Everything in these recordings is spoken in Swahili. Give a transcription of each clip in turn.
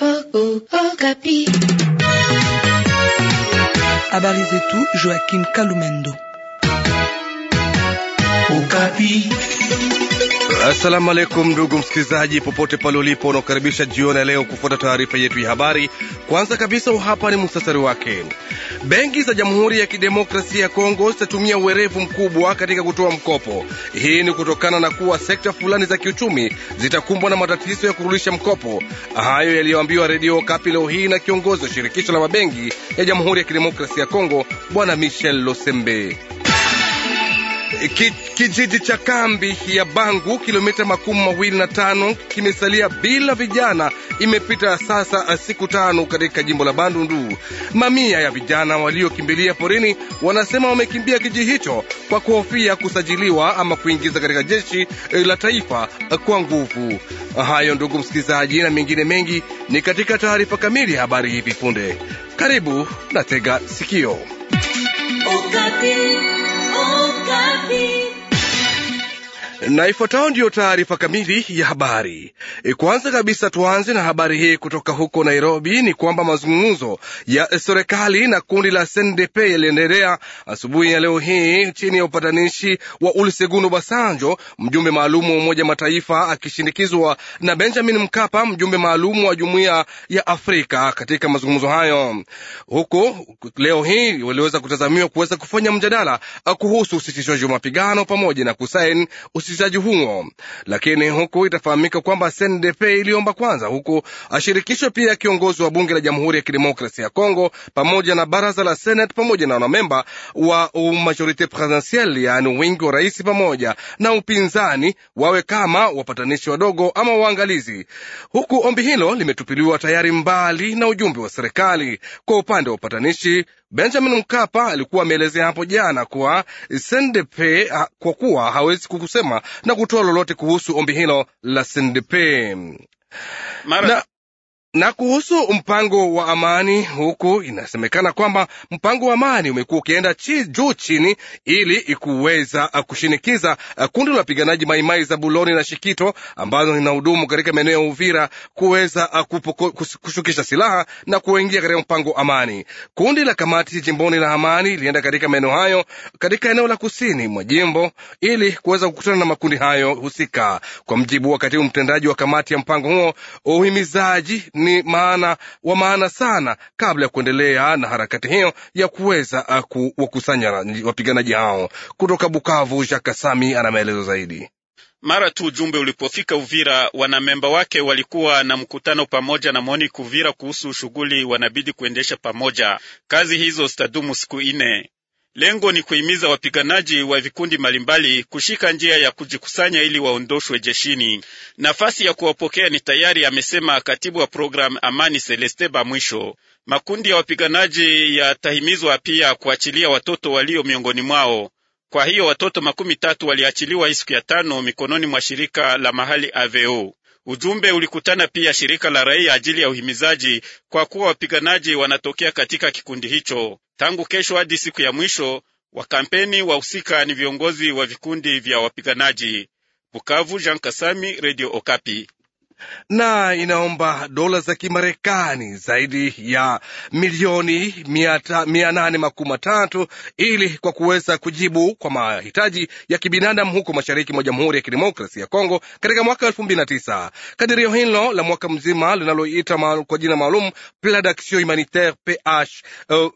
Oh, oh, oh, Habari zetu Joaquim Kalumendo. Okapi. Assalamu alaikum ndugu msikilizaji, popote pale ulipo, unaokaribisha jioni ya leo kufuata taarifa yetu ya habari. Kwanza kabisa, hapa ni muhtasari wake. Benki za Jamhuri ya Kidemokrasia ya Kongo zitatumia uwerevu mkubwa katika kutoa mkopo. Hii ni kutokana na kuwa sekta fulani za kiuchumi zitakumbwa na matatizo ya kurudisha mkopo. Hayo yaliyoambiwa Redio Kapi leo hii na kiongozi wa shirikisho la mabenki ya Jamhuri ya Kidemokrasia ya Kongo Bwana Michel Losembe. Eh, kijiji cha kambi ya Bangu, kilomita makumi mawili na tano, kimesalia bila vijana. Imepita sasa eh, siku tano katika jimbo la Bandundu. Mamia ya vijana waliokimbilia porini wanasema wamekimbia kijiji hicho kwa kuhofia kusajiliwa ama kuingiza katika jeshi eh, la taifa kwa nguvu. Hayo ndugu msikilizaji, na mengine mengi ni katika taarifa kamili ya habari hivi punde. Karibu na tega sikio Ukati. You. na ifuatayo ndiyo taarifa kamili ya habari. E, kwanza kabisa tuanze na habari hii kutoka huko Nairobi, ni kwamba mazungumzo ya serikali na kundi la SNDP yaliendelea asubuhi ya leo hii chini ya upatanishi wa Olusegun Obasanjo, mjumbe maalum wa Umoja Mataifa, akishindikizwa na Benjamin Mkapa, mjumbe maalum wa Jumuiya ya Afrika. Katika mazungumzo hayo huko leo hii waliweza kutazamiwa kuweza kufanya mjadala kuhusu usitishwaji wa mapigano pamoja na kusaini usitishaji huo, lakini huku itafahamika kwamba sndp iliomba kwanza huku ashirikishwe pia kiongozi wa bunge la Jamhuri ya Kidemokrasia ya Kongo pamoja na baraza la Senate pamoja na wanamemba wa majorite presidentielle, yaani wingi wa rais pamoja na upinzani wawe kama wapatanishi wadogo ama waangalizi, huku ombi hilo limetupiliwa tayari mbali na ujumbe wa serikali. Kwa upande wa upatanishi Benjamin Mkapa alikuwa ameelezea hapo jana kuwa Sendepe, kwa kuwa hawezi kukusema na kutoa lolote kuhusu ombi hilo la Sendepe. Mara, na, na kuhusu mpango wa amani huku, inasemekana kwamba mpango wa amani umekuwa ukienda chi, juu chini, ili kuweza uh, kushinikiza uh, kundi la wapiganaji Maimai za Buloni na Shikito ambazo inahudumu katika maeneo ya Uvira kuweza uh, kushukisha silaha na kuingia katika mpango wa amani. Kundi la kamati jimboni la amani ilienda katika maeneo hayo katika eneo la kusini mwa jimbo ili kuweza kukutana na makundi hayo husika, kwa mjibu wa katibu mtendaji wa kamati ya mpango huo uhimizaji ni maana, wa maana sana kabla ya kuendelea na harakati hiyo ya kuweza ah, kuwakusanya wapiganaji hao. Kutoka Bukavu, Jakasami ana maelezo zaidi. Mara tu ujumbe ulipofika Uvira, wanamemba wake walikuwa na mkutano pamoja na Moni Kuvira kuhusu shughuli wanabidi kuendesha pamoja. Kazi hizo zitadumu siku ine. Lengo ni kuhimiza wapiganaji wa vikundi mbalimbali kushika njia ya kujikusanya ili waondoshwe jeshini. Nafasi ya kuwapokea ni tayari, amesema katibu wa programu Amani Celeste Bamwisho. Makundi ya wapiganaji yatahimizwa pia kuachilia watoto walio miongoni mwao. Kwa hiyo watoto makumi tatu waliachiliwa hii siku ya tano mikononi mwa shirika la mahali AVO. Ujumbe ulikutana pia shirika la raia ajili ya uhimizaji, kwa kuwa wapiganaji wanatokea katika kikundi hicho. Tangu kesho hadi siku ya mwisho wa kampeni, wahusika ni viongozi wa vikundi vya wapiganaji. Bukavu, Jean Kasami, Radio Okapi na inaomba dola za Kimarekani zaidi ya milioni mia nane makumi matatu ili kwa kuweza kujibu kwa mahitaji ya kibinadamu huko mashariki mwa Jamhuri ya Kidemokrasi ya Kongo katika mwaka elfu mbili na tisa. Kadirio hilo la mwaka mzima linaloita kwa jina maalum Plan d'Action Humanitaire PH 2009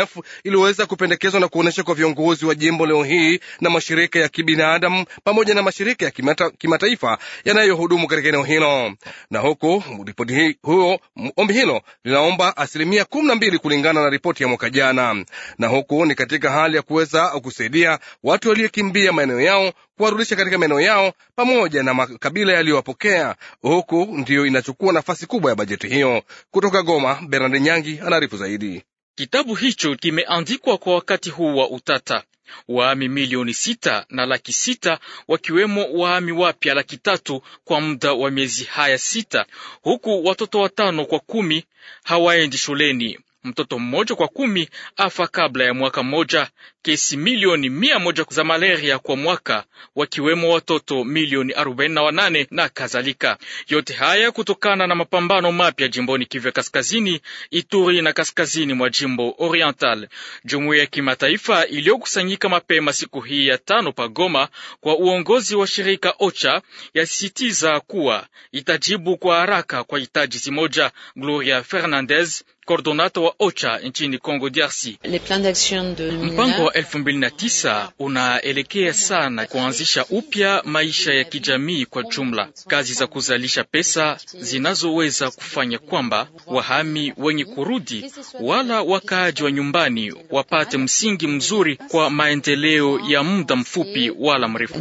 euh, iliweza kupendekezwa na kuonyesha kwa viongozi wa jimbo leo hii na mashirika ya kibinadamu pamoja na mashirika ya kimata, kimataifa yanayohudumu katika eneo hilo, na huku ripoti huo ombi hilo linaomba asilimia kumi na mbili kulingana na ripoti ya mwaka jana, na huku ni katika hali ya kuweza kusaidia watu waliokimbia maeneo yao kuwarudisha katika maeneo yao pamoja na makabila yaliyowapokea, huku ndiyo inachukua nafasi kubwa ya bajeti hiyo. Kutoka Goma, Bernard Nyangi anaarifu zaidi. Kitabu hicho kimeandikwa kwa wakati huu wa utata. Waami milioni sita na laki sita wakiwemo waami wapya laki tatu kwa muda wa miezi haya sita, huku watoto watano kwa kumi hawaendi shuleni mtoto mmoja kwa kumi afa kabla ya mwaka mmoja. Kesi milioni mia moja za malaria kwa mwaka, wakiwemo watoto milioni arobaini na wanane na kadhalika. Yote haya kutokana na mapambano mapya jimboni kivya Kaskazini, Ituri na kaskazini mwa jimbo Oriental. Jumuiya ya kimataifa iliyokusanyika mapema siku hii ya tano pa Goma kwa uongozi wa shirika OCHA yasisitiza kuwa itajibu kwa haraka kwa hitaji zimoja. Gloria Fernandez kordonato wa OCHA nchini Congo DRC. Mpango wa tisa unaelekea sana kuanzisha upya maisha ya kijamii kwa jumla, kazi za kuzalisha pesa zinazoweza kufanya kwamba wahami wenye kurudi wala wakaaji wa nyumbani wapate msingi mzuri kwa maendeleo ya muda mfupi wala mrefu.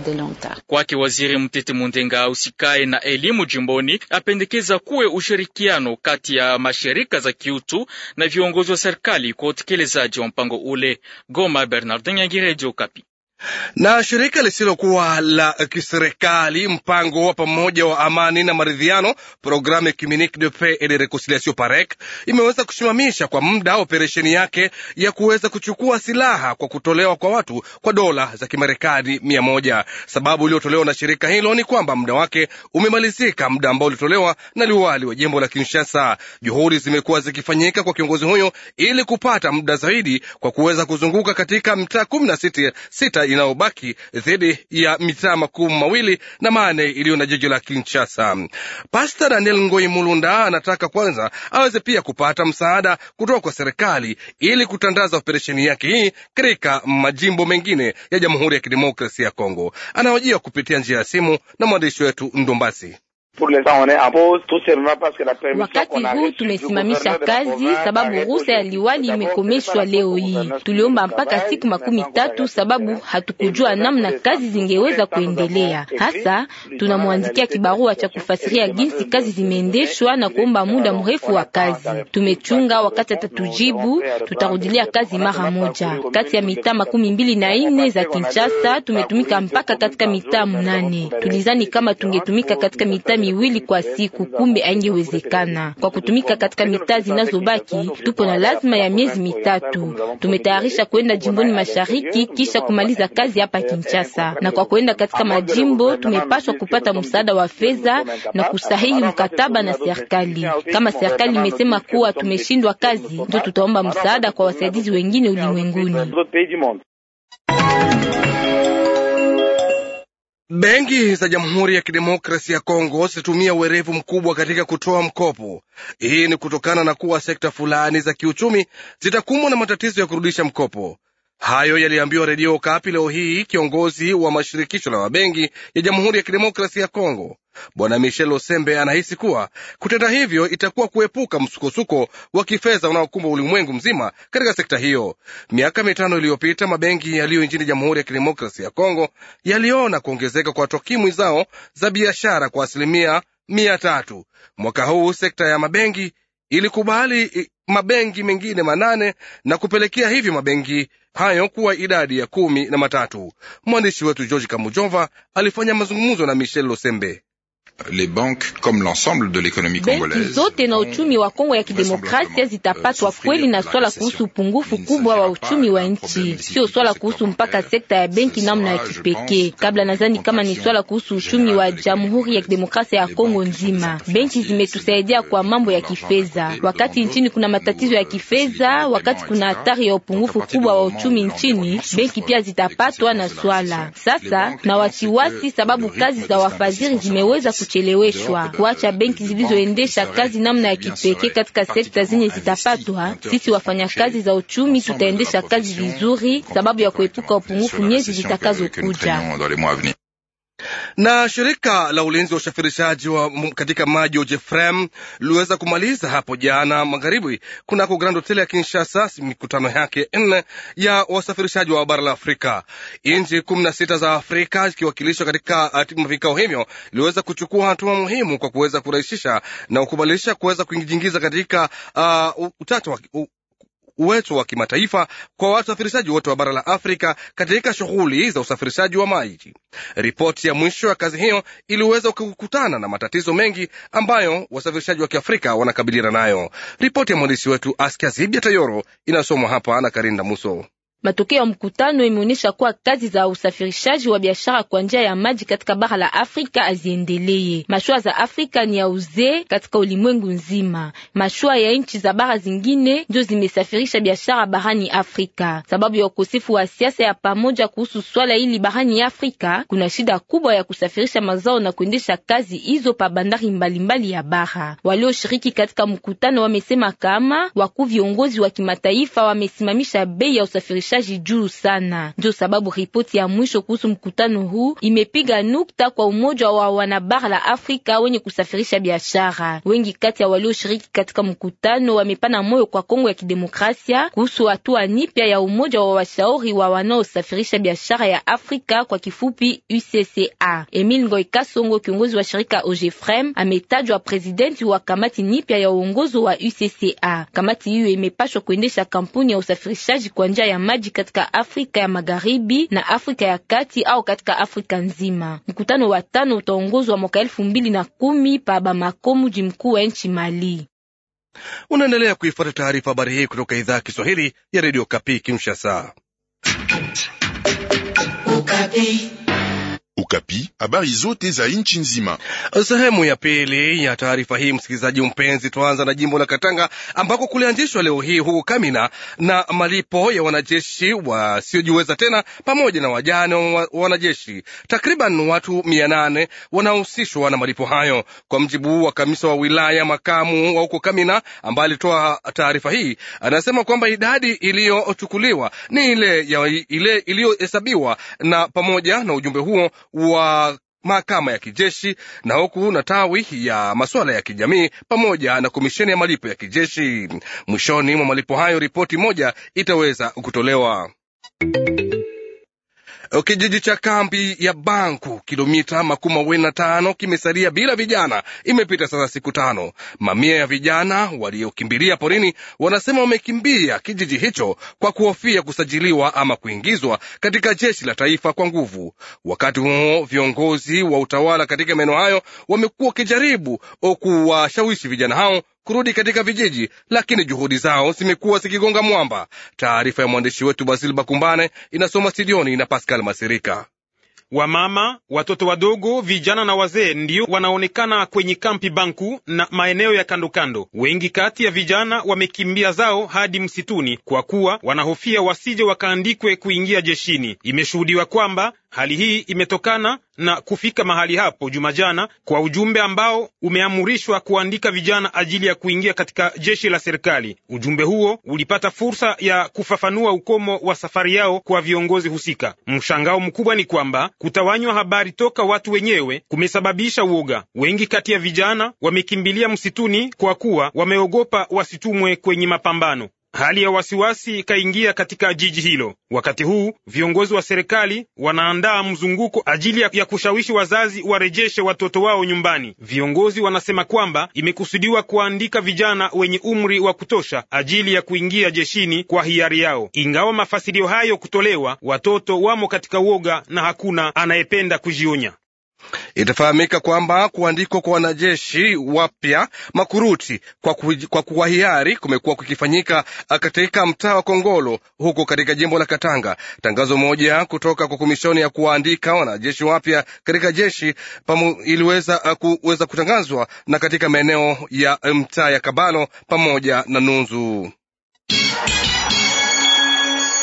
Kwake Waziri Mtete Mundenga ausikae na elimu jimboni apendekeza kuwe ushirikiano kati ya mashirika za kiutu Yesu na viongozi wa serikali kwa utekelezaji wa mpango ule. Goma, Bernardin Nyangi, Radio Okapi na shirika lisilokuwa la kiserikali mpango wa pamoja wa amani na maridhiano ya Communique de Paix et de Reconciliation PAREC imeweza kusimamisha kwa muda operesheni yake ya kuweza kuchukua silaha kwa kutolewa kwa watu kwa dola za Kimarekani mia moja. Sababu iliyotolewa na shirika hilo ni kwamba muda wake umemalizika, muda ambao ulitolewa na liwali wa jimbo la Kinshasa. Juhudi zimekuwa zikifanyika kwa kiongozi huyo ili kupata muda zaidi kwa kuweza kuzunguka katika mtaa kumi na sita inayobaki dhidi ya mitaa makuu mawili na mane iliyo na jiji la Kinshasa. Pasta Daniel Ngoi Mulunda anataka kwanza aweze pia kupata msaada kutoka kwa serikali ili kutandaza operesheni yake hii katika majimbo mengine ya Jamhuri ya Kidemokrasia ya Kongo. Anahojiwa kupitia njia ya simu na mwandishi wetu Ndombasi. Wakati huu tumesimamisha kazi sababu ruhusa ya liwali imekomeshwa leo hii. Tuliomba mpaka siku makumi tatu sababu hatukujua namna kazi zingeweza kuendelea. Hasa tunamwandikia kibarua cha kufasiria jinsi kazi zimeendeshwa na kuomba muda mrefu wa kazi. Tumechunga wakati atatujibu, tutarudilia kazi mara moja. Kati ya mitaa makumi mbili na ine za Kinshasa tumetumika mpaka katika mitaa mnane. Tulizani kama tungetumika katika mitaa miwili kwa siku, kumbe angewezekana Kwa kutumika katika mitaa zinazobaki, tupo na lazima ya miezi mitatu. Tumetayarisha kwenda jimboni mashariki kisha kumaliza kazi hapa Kinshasa, na kwa kwenda katika majimbo tumepaswa kupata msaada wa fedha na kusahihi mkataba na serikali. Kama serikali imesema kuwa tumeshindwa kazi, ndio tutaomba msaada kwa wasaidizi wengine ulimwenguni. Benki za Jamhuri ya Kidemokrasi ya Kongo zitumia uwerevu mkubwa katika kutoa mkopo. Hii ni kutokana na kuwa sekta fulani za kiuchumi zitakumbwa na matatizo ya kurudisha mkopo. Hayo yaliambiwa Redio Okapi leo hii kiongozi wa mashirikisho la mabenki ya Jamhuri ya Kidemokrasia ya Kongo. Bwana Michel Osembe anahisi kuwa kutenda hivyo itakuwa kuepuka msukosuko wa kifedha unaokumba ulimwengu mzima katika sekta hiyo. Miaka mitano iliyopita mabenki yaliyo nchini Jamhuri ya Kidemokrasia ya Kongo yaliona kuongezeka kwa takwimu zao za biashara kwa asilimia mia tatu. Mwaka huu sekta ya mabenki ilikubali mabenki mengine manane na kupelekea hivyo mabenki hayo kuwa idadi ya kumi na matatu. Mwandishi wetu George Kamujova alifanya mazungumzo na Michel Losembe les banques comme l'ensemble de l'économie benki zote na uchumi wa Kongo ya Kidemokrasia euh, zitapatwa kweli na swala kuhusu upungufu kubwa wa uchumi wa nchi, sio swala kuhusu mpaka sekta ya benki namna ya kipekee. Kabla nadhani kama ni swala kuhusu uchumi wa Jamhuri ya Kidemokrasia ya Kongo nzima. Benki zimetusaidia kwa mambo ya kifedha, wakati nchini kuna matatizo ya kifedha, wakati kuna hatari ya upungufu kubwa wa uchumi nchini, benki pia zitapatwa na swala sasa na wasiwasi, sababu kazi za wafadhili zimeweza kucheleweshwa, kuacha benki zilizoendesha kazi namna ya kipekee katika sekta zenye zitapatwa. Sisi wafanyakazi za uchumi tutaendesha kazi vizuri, sababu ya kuepuka upungufu miezi zitakazokuja na shirika la ulinzi wa usafirishaji wa katika maji OJFREM liliweza kumaliza hapo jana magharibi kunako Grand Hotel ya Kinshasa mikutano yake nne ya wasafirishaji wa bara la Afrika. Nchi kumi na sita za Afrika zikiwakilishwa katika uh, vikao hivyo iliweza kuchukua hatua muhimu kwa kuweza kurahisisha na kukubalisha kuweza kujiingiza katika uh, utata wa, uwezo wa kimataifa kwa wasafirishaji wote wa bara la Afrika katika shughuli za usafirishaji wa maji. Ripoti ya mwisho ya kazi hiyo iliweza kukutana na matatizo mengi ambayo wasafirishaji wa kiafrika wanakabiliana nayo. Ripoti ya mwandishi wetu Askia Zibia Tayoro inasomwa hapa na Karinda Muso. Matokeo ya mkutano imeonyesha kuwa kazi za usafirishaji wa biashara kwa njia ya maji katika bara la Afrika haziendelee. Mashua za Afrika ni ya uzee katika ulimwengu nzima. Mashua ya nchi za bara zingine ndio zimesafirisha biashara barani Afrika. Sababu ya ukosefu wa siasa ya pamoja kuhusu swala hili barani Afrika, kuna shida kubwa ya kusafirisha mazao na kuendesha kazi hizo pa bandari mbalimbali ya bara. Walioshiriki katika mkutano wamesema kama wakuu viongozi wa kimataifa wamesimamisha bei ya usafirishaji uendeshaji juu sana. Ndio sababu ripoti ya mwisho kuhusu mkutano huu imepiga nukta kwa umoja wa wanabara la Afrika wenye kusafirisha biashara. Wengi kati ya walioshiriki katika mkutano wamepana moyo kwa Kongo ya Kidemokrasia kuhusu hatua nipya ya umoja wa washauri wa wanaosafirisha biashara ya Afrika, kwa kifupi UCCA. Emil Ngoi Kasongo, kiongozi wa shirika OGEFREM, ametajwa presidenti wa kamati nipya ya uongozi wa UCCA. Kamati hiyo imepashwa kuendesha kampuni ya usafirishaji kwa njia ya maji mauaji katika Afrika ya Magharibi na Afrika ya Kati au katika Afrika nzima. Mkutano wa tano utaongozwa mwaka elfu mbili na kumi pa Bamako, mji mkuu wa nchi Mali. Unaendelea kuifuata taarifa habari hii kutoka idhaa ya Kiswahili ya redio Kapi Kinshasa. Okapi, habari zote za nchi nzima. Sehemu ya pili ya taarifa hii, msikilizaji mpenzi, tuanza na jimbo la Katanga ambako kulianzishwa leo hii huko Kamina na malipo ya wanajeshi wasiojiweza tena pamoja na wajane wa wanajeshi. Takriban watu mia nane wanahusishwa na malipo hayo, kwa mjibu wa kamisa wa wilaya makamu wa huko Kamina ambaye alitoa taarifa hii. Anasema kwamba idadi iliyochukuliwa ni ile iliyohesabiwa, na pamoja na ujumbe huo wa mahakama ya kijeshi na huku na tawi ya masuala ya kijamii pamoja na komisheni ya malipo ya kijeshi. Mwishoni mwa malipo hayo, ripoti moja itaweza kutolewa. Eh, kijiji cha kambi ya Banku, kilomita makumi mawili na tano, kimesalia bila vijana. Imepita sasa siku tano. Mamia ya vijana waliokimbilia porini wanasema wamekimbia kijiji hicho kwa kuhofia kusajiliwa ama kuingizwa katika jeshi la taifa kwa nguvu. Wakati huo viongozi wa utawala katika maeneo hayo wamekuwa wakijaribu eh, kuwashawishi vijana hao kurudi katika vijiji, lakini juhudi zao zimekuwa zikigonga mwamba. Taarifa ya mwandishi wetu Basil Bakumbane inasoma studioni na Pascal Masirika. Wamama, watoto wadogo, vijana na wazee ndio wanaonekana kwenye kampi Banku na maeneo ya kandokando. Wengi kati ya vijana wamekimbia zao hadi msituni kwa kuwa wanahofia wasije wakaandikwe kuingia jeshini. Imeshuhudiwa kwamba Hali hii imetokana na kufika mahali hapo juma jana kwa ujumbe ambao umeamrishwa kuandika vijana ajili ya kuingia katika jeshi la serikali. Ujumbe huo ulipata fursa ya kufafanua ukomo wa safari yao kwa viongozi husika. Mshangao mkubwa ni kwamba kutawanywa habari toka watu wenyewe kumesababisha uoga. Wengi kati ya vijana wamekimbilia msituni kwa kuwa wameogopa wasitumwe kwenye mapambano. Hali ya wasiwasi ikaingia katika jiji hilo. Wakati huu viongozi wa serikali wanaandaa mzunguko ajili ya kushawishi wazazi warejeshe watoto wao nyumbani. Viongozi wanasema kwamba imekusudiwa kuandika vijana wenye umri wa kutosha ajili ya kuingia jeshini kwa hiari yao. Ingawa mafasilio hayo kutolewa, watoto wamo katika woga na hakuna anayependa kujionya. Itafahamika kwamba kuandikwa kwa wanajeshi wapya makuruti kwa, kwa kuwahiari kumekuwa kukifanyika katika mtaa wa Kongolo huko katika jimbo la Katanga. Tangazo moja kutoka kwa komishoni ya kuwaandika wanajeshi wapya katika jeshi iliweza uh, kuweza kutangazwa na katika maeneo ya uh, mtaa ya Kabalo pamoja na Nunzu.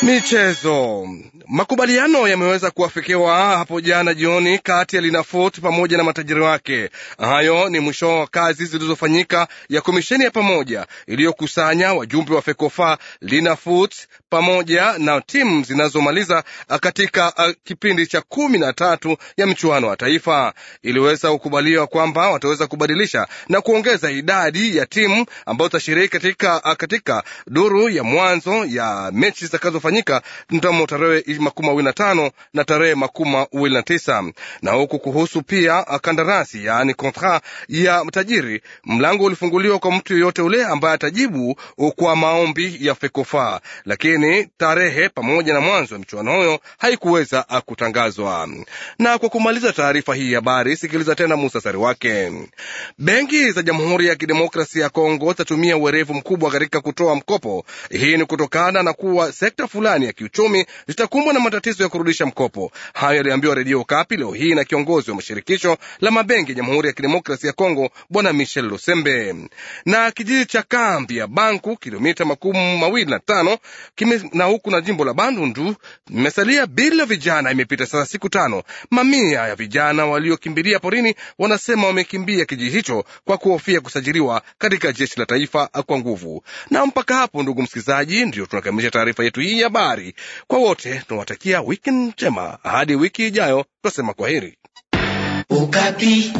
Michezo. Makubaliano yameweza kuafikiwa hapo jana jioni kati ya Linafoot pamoja na matajiri wake. Hayo ni mwisho wa kazi zilizofanyika ya komisheni ya pamoja iliyokusanya wajumbe wa Fekofa, Linafoot pamoja na timu zinazomaliza katika uh, kipindi cha kumi na tatu ya mchuano wa taifa. Iliweza kukubaliwa kwamba wataweza kubadilisha na kuongeza idadi ya timu ambazo zitashiriki katika, uh, katika duru ya mwanzo ya mechi zitakazofanyika mnamo tarehe makumi mawili na tano na tarehe makumi mawili na tisa na huku kuhusu pia uh, kandarasi yaani kontra ya mtajiri mlango ulifunguliwa kwa mtu yoyote ule ambaye atajibu uh, kwa maombi ya Fekofa, lakini tarehe pamoja na mwanzo wa michuano hiyo haikuweza uh, kutangazwa. Na kwa kumaliza taarifa hii habari, sikiliza tena musasari wake. Benki za Jamhuri ya Kidemokrasia ya Kongo zitatumia uwerevu mkubwa katika kutoa mkopo. Hii ni kutokana na kuwa sekta fulani ya kiuchumi zitakumbwa wanakumbwa na matatizo ya kurudisha mkopo. Hayo yaliambiwa Redio Okapi leo hii na kiongozi wa mashirikisho la mabenki ya Jamhuri ya Kidemokrasi ya Kongo, Bwana Michel Lusembe. Na kijiji cha kambi ya Banku, kilomita makumi mawili na tano kime, na huku na jimbo la Bandundu imesalia bila vijana. Imepita sasa siku tano. Mamia ya vijana waliokimbilia porini wanasema wamekimbia kijiji hicho kwa kuhofia kusajiliwa katika jeshi la taifa kwa nguvu. Na mpaka hapo, ndugu msikilizaji, ndio tunakamilisha taarifa yetu hii ya habari kwa wote tunawatakia wiki njema. Hadi wiki ijayo, twasema kwa heri. Ukapi.